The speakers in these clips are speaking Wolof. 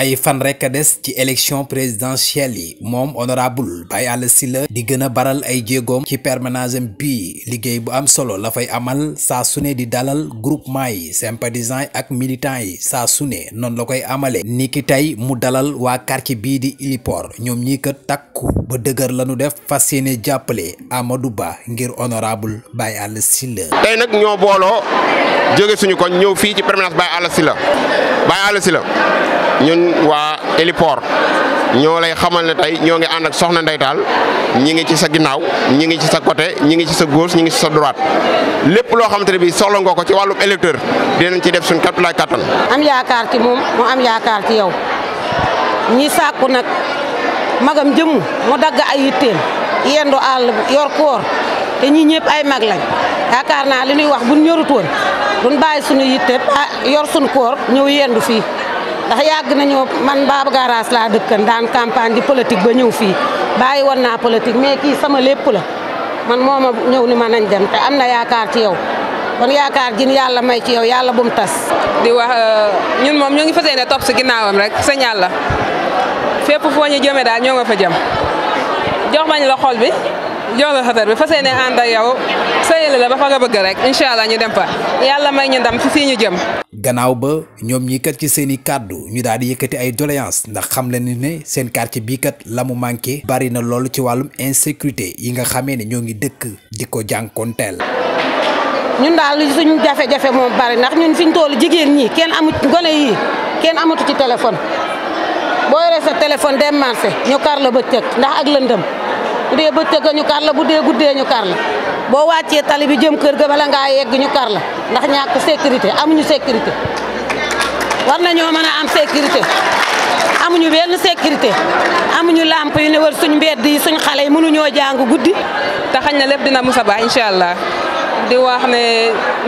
ay fan rek élection présidentielle yi honorable Baye di gëna baral ay djégom ci permanence bi liggéey bu am solo la fay amal sa di dalal groupe yi sympathisants ak militants yi la koy amalé ni tay mu dalal quartier di ñom ñi ke takku ba dëgër lañu def est jappelé Amadou Ba ngir honorable Baye suñu koñ permanent ci permanence Baye ñun waa héliport ñoo lay xamal ne tey ñoo ngi ànd ak soxna ndeytaal ñi ngi ci sa ginnaaw ñi ngi ci sa côté ñi ngi ci sa gauche ñi ngi ci sa droite lépp loo xamante ne bii soxla ngoo ko ci wàllu électeur dinañ ci def suñ kattu laay kattan. am yaakaar ci moom moo am yaakaar ci yow ñi sàkku nag magam jëmu moo dagg ay yitteem yendu àll yor koor te ñi ñëpp ay mag lañ yaakaar na li ñuy wax buñ ñorut woon duñ bàyyi suñu yitteem ah, yor suñu koor ñëw yendu fii. ndax yàgg nañoo man Baba garaas laa dëkkan daan campagne di politique ba ñëw fii bàyyi woon naa politique mais kii sama lépp la man moo ma ñëw ni ma nañ dem te am na yaakaar ci yow kon yaakaar jin yàlla may ci yow yàlla bu mu tas. di wax euh, ñun moom ñu ngi fas yéene topp si ginnaawam rek sëñ yàlla fépp foo ñu jëmee daal ñoo nga fa jëm jox mañ la xol bi. jolo xatar bi fas anda ak yow sëyale la ba fa nga bëgg rek inshallah allah ñu dem fa yalla may ñu ndam fi fi ñu jëm. gannaaw ba ñom ñi kat ci seeni cadeau ñu daal di yëkëti ay doléance ndax xam leen ne seen quartier bi kat la manké bari na lool ci walum insécurité yi nga xamé ne ñoo ngi dëkk diko jankontel ñun daal suñu jafé jafé moom bari nak ñun fiñ toll jigéen ñi kèn amut gone yi kèn amatu ci téléphone boy rese sa téléphone dem marché ñu carlo la ndax ak lëndëm bu dee bëccëg ñu kar la bu dee guddee ñu kar la boo wàccee tali bi jëm kër ga bala ngaa yegg ñu kar la ndax ñàkk sécurité amuñu sécurité war na ñoo mën a am sécurité amuñu benn am amuñu làmp yi ne wër suñ mbedd yi suñ xale yi mënuñoo jàng guddi te xañ na lépp dina musa ba incha allah di waax ne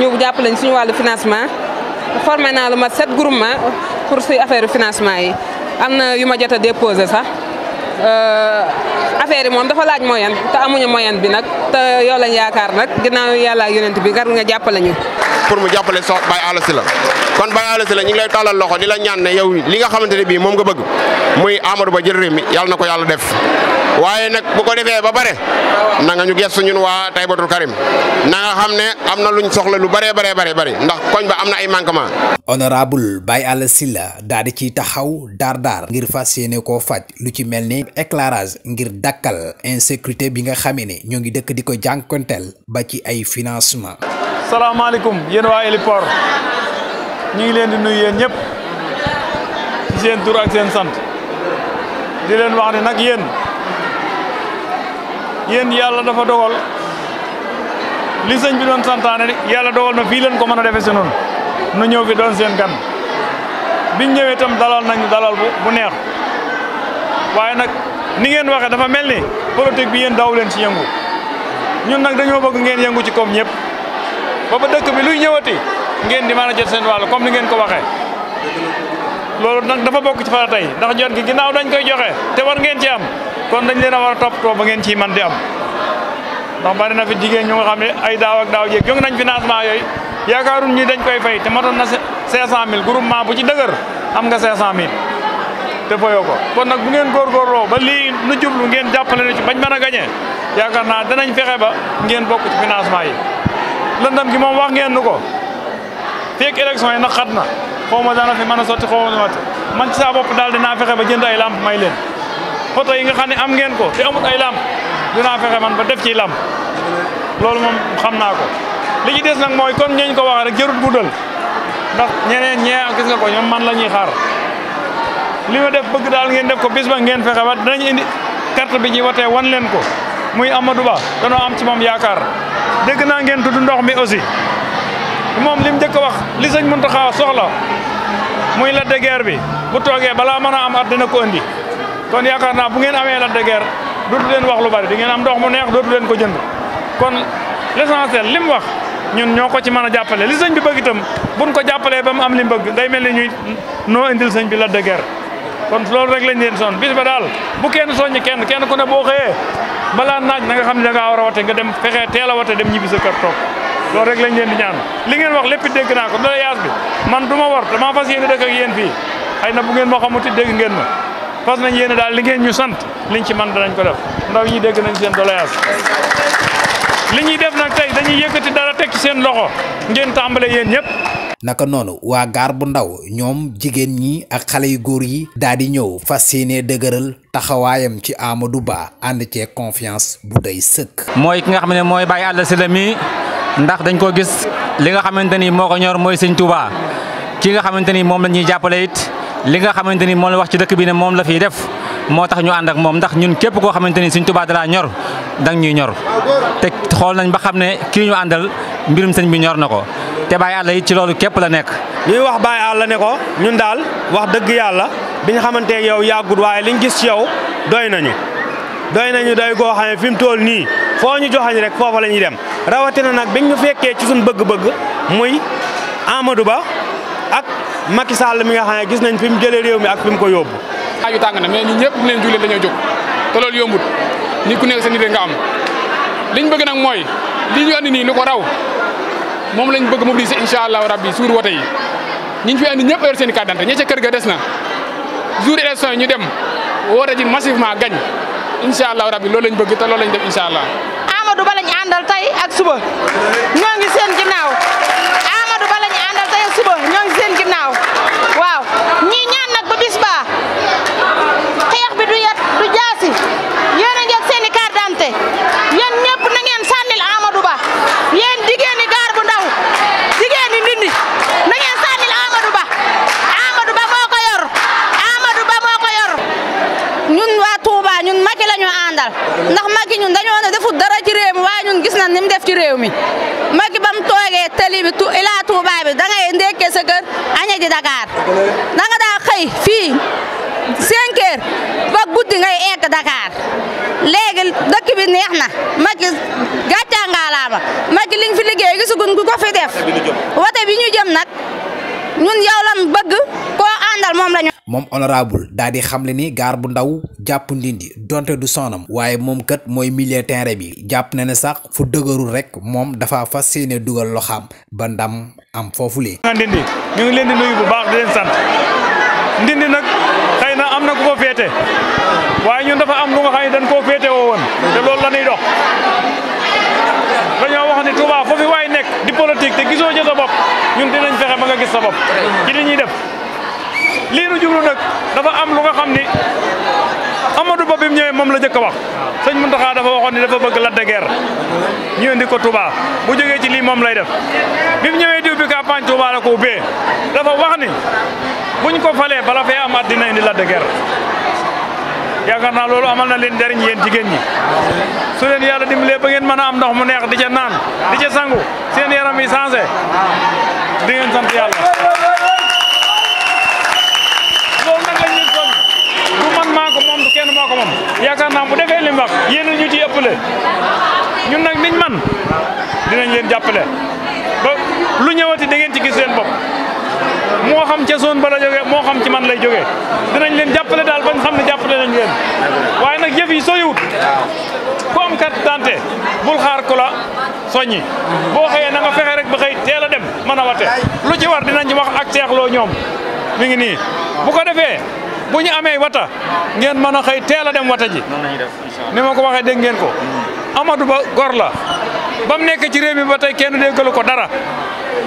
ñu jàpp lañ suñu wàllu financement formé naa lu ma sept groupement pour si affaire financement yi am na yu ma jot déposé sax Euh, affaire mom dafa laaj moyen te amuñu moyen bi nak te yow lañ yaakaar nag ginnaaw yàlla yonent bi gar nga pour mu so bay Alla kon bay Alla Sylla ñi ngi lay talal loxo dila ñaan ne yow li nga xamanteni bi mom nga bëgg muy Amadou Ba jël réew mi yàlla na def waye nak bu ko defé ba bare na nga ñu gëstu ñun waa Taybatul Karim na nga xamne amna luñ soxla lu bare bare bare bare ndax koñ ba amna ay manquement honorable bay Alla Sylla daal ci taxaw dar dar ngir fasiyene ko lu ci melni éclairage ngir dakal insécurité bi nga xamé né ñu ngi dëkk diko jankontel ba ci ay financement alaykum yeen wa héliport ñi ngi leen di nuyu yéen ñëpp ci seen tour ak seen sante di leen wax ne nak yeen yeen yalla dafa dogal li señ bi doon santaane yalla dogal na fi leen ko mëna défé defee si nu ñëw fi doon seen gan biñ ñëwé tam dalal nañu dalal bu bu neex waye nak ni ngeen waxe dafa melni politique bi yeen daw len ci yëngu ñun nak dañoo bëgg ngeen yëngu ci kom ñep ba ba dekk bi luy ñëwati ngeen di mëna jël seen walu comme ni ngeen ko waxe lolu nak dafa bokk ci fara tay ndax jot gi ginaaw dañ koy joxe te war ngeen ci am kon dañ leena wara top a ba ngeen ci man di am ndax bari na fi jigeen ñu xamé ay daaw ak daaw jéeg yëngu nañ financement yoy yaakaarun ñi dañ koy fay te matoon na 500000 groupement bu ci dëgër am nga 500000. te fayoo ko kon nag bu ngeen góorgóorloo ba lii nu jublu ngeen jàppale ne ci bañ mën a gañee yaakaar naa danañ fexe ba ngeen bokk ci financement yi lëndam gi moom wax ngeen nu ko fekk élection yi nag xat na xaw ma dana fi mën a sotti xaw ma man ci saa bopp daal dinaa fexe ba jënd ay lamp may leen photo yi nga xam ne am ngeen ko te amul ay lamp dinaa fexe man ba def ci lamp loolu moom xam naa ko li ci des nag mooy kon ñeñ ko waxee rek jarut guddal ndax ñeneen ñee gis ko ñoom man la ñuy xaar li def bëgg dal ngeen def ko bis ba ngeen fexé wat dañu indi carte bi ñi waté wan leen ko muy Amadou Ba dañu am ci mom yaakar degg na ngeen tuddu ndox mi aussi mom lim jëk wax li muñ taxaw soxla muy la de guerre bi bu toogee bala mëna am at dina ko indi kon yaakar na bu ngeen amé la de guerre dootu leen wax lu bari di ngeen am ndox mu neex leen ko jënd kon l'essentiel lim wax ñun ñoko ci mëna jappalé li señ bi bëgg itam buñ ko jappalé bam am li bëgg day melni ñuy no indil señ bi la de guerre kon loolu rek lañ leen son bis ba daal bu kenn soññ kenn kenn ku ne boo xëyee balaa naaj na nga xam ne da ngaa war a wate nga dem fexe teel a dem ñibbi sa kër toog loolu rek lañ leen di ñaan li ngeen wax lépp dégg naa ko dala yaas bi man du ma war damaa fas yéene dëkk ak yéen fii xëy na bu ngeen ma xamuti dégg ngeen ma fas nañ yéene daal li ngeen ñu sant liñ ci man danañ ko def ndaw ñi dégg nañ seen doléance li ñuy def nag tey dañuy yëkkati dara teg seen loxo ngeen tàmbale yéen ñëpp naka noonu waa gaar bu ndaw ñoom jigéen ñi ak xale yu góor yi daal di ñëw fas yéene dëgëral taxawaayam ci du Ba ànd cee confiance bu day sëkk. mooy ki nga xam ne mooy Baye Alla Sylla mi ndax dañ koo gis li nga xamante ni moo ko ñor mooy Sëñ Touba ki nga xamante ni moom la ñuy jàppale it li nga xamante ni moom la wax ci dëkk bi ne moom la fiy def. moo tax ñu ànd ak moom ndax ñun képp koo xamante ni Sëñ Tuubaa dalaa ñor dang ñuy ñor te xool nañ ba xam ne kii àndal mbirum sëñ bi ñor na ko te Baye Alla it ci loolu képp la nekk. ñuy wax Baye Alla ne ko ñun daal wax dëgg yàlla bi ñu xamante yow yàggut waaye liñ gis ci yow doy nañu doy nañu doy goo xam ne fi mu toll nii foo ñu joxañ rek foofa la dem rawatina nag biñ ñu fekkee ci suñu bëgg-bëgg muy Amadou Ba ak Macky Sall mi nga xam ne gis nañ fi mu jëlee réew mi ak fi ko yóbbu. aaju tàng na mais ñun ñëpp dinañ jug leen dañoo jóg te loolu yombut nit ku nekk sa am liñ bëgg nag mooy li ñu nii lu ko raw. moom lañ bëgg mobiliser incha allahu rabbi suur wote yi ñi fi andi ñëpp yor seen carte d'identité kër ga des na jour élection yi ñu dem woote ji massivement gañ incha rabbi loolu lañ bëgg te loolu lañ def incha allah. Amadou Ba lañ àndal tey ak suba ñoo dal ndax Macky ñun dañoo ne deful dara ci réew waaye ñun gis na ni mu def ci réew mi Macky ba mu toogee tali bi ilaa Touba bi da ngay ndekkee sa kër añe ji Dakar da nga daa xëy fii 5 heures ba guddi ngay egg Dakar léegi dëkk bi neex na Macky gàccaa ngaalaama Macky fi liggéey gisaguñ ku ko fi def wote bi ñu jëm nag ñun yow lan bëgg koo àndal moom la moom honorable daal xamle ni gaar bu ndaw jàpp ndindi donte du sonam waaye moom kat mooy milieu terrain bi jàpp na ne sax fu dëgëru rekk moom dafa fas yéene dugal loxaam ba ndam am foofu lee ndindi ñu ngi leen di nuyu bu baax di sant ndindi nag xëy na am na ku ko féete waaye ñun dafa am lu nga xam ne dañ koo féete woo woon loolu la ñuy dox dañoo wax ni Touba foofu waay nekk di politique te gisoo ci sa bopp ñun dinañ fexe ba nga gis sa bopp li li nu jublu dapat dafa am lu nga xamni Amadou Ba bi mu ñëwee la jëk a wax sëñ Mountakha dafa waxon ni dafa bëgg la de guerre ñu indi ko Touba bu joggé ci li mom lay def bi ñewé diou bi campagne Touba la ko ubbee dafa wax ni buñ ko falé bala fay am adina ni la de Guiers lolu amal na leen dariñ yeen jigen ñi su leen yalla dimbalé ba ngeen mëna am ndox mu neex di ca naan di ca sangu seen yaram yi changé di ngeen sant yalla boromam yaakaar naa bu defee li mu wax yéen a ñu ciy le ñun nag niñ man dinañ leen jàppale ba lu ñëwati da ci gis leen bopp moo xam ca zone ba la jógee moo xam ci man lay jógee dinañ leen jàppale daal bañ xam ne jàppale nañ leen waaye nag yëf yi sooy wut ku am carte d'identité bul xaar ko la boo xëyee na fexe rek ba xëy teel a dem man a wate lu ci war dinañ wax ak seexloo ñoom mi nii bu ko defee bu ñu amee wata ngeen mën a xëy teel a dem wata ji ni ma ko waxee dégg ngeen ko mm. Amadou Ba gor la ba mu nekk ci réew mi ba tey kenn déggalu ko dara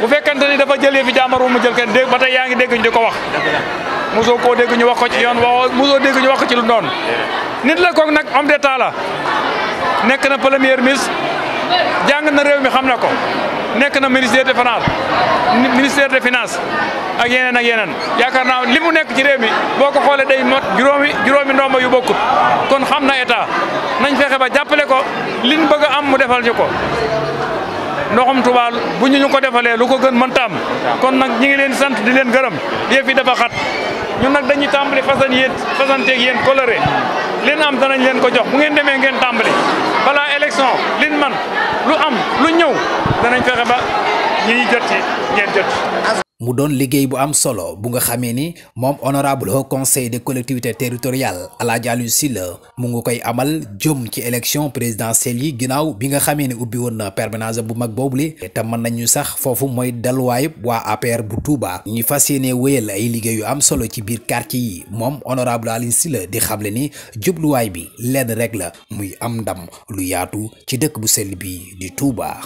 bu fekkente ni dafa jëlee fi jàmbar wu mu jël kenn dégg ba tey yaa ngi dégg ñu di ko wax mosoo koo dégg ñu wax ko ci yoon wax mosoo dégg ñu wax ko ci lu doon nit la koog nag homme d'état la nekk na premier ministre jàng na réew mi xam na ko nekk na ministère de finance ministère de finance ak yeneen ak yeneen yaakaar naa li mu nekk ci réew mi boo ko xoolee dey mot juróomi juróomi ndomba yu bokkut kon xam na état nañ fexe ba jàppale ko liñ bëgg a am mu defal ñu ko ndoxum Tuubaa bu ñu ñu ko defalee lu ko gën mën taam kon nag ñi ngi leen sant di leen gërëm yëf yi dafa xat ñun nag dañuy tàmbali fasan yéen fasanteeg yéen coloré leen am danañ leen ko jox bu ngeen demee ngeen tàmbali balaa élection lin man lu am lu ñëw danañ fexe ba ñi jot ci ngeen jot mu don liguey bu am solo bu nga xamé ni honorable haut conseil des collectivités territoriales ala dialu mu amal jum ci élection présidentielle yi binga bi nga xamé ni ubbi woon permanence bu mag boobule te man nañu sax fofu moy dalwaayub wa APR bu Touba ñi ay am solo ci quartier honorable alinsile di xamlé ni bi lenn rek la muy am ndam lu yaatu ci dëkk bi di Touba.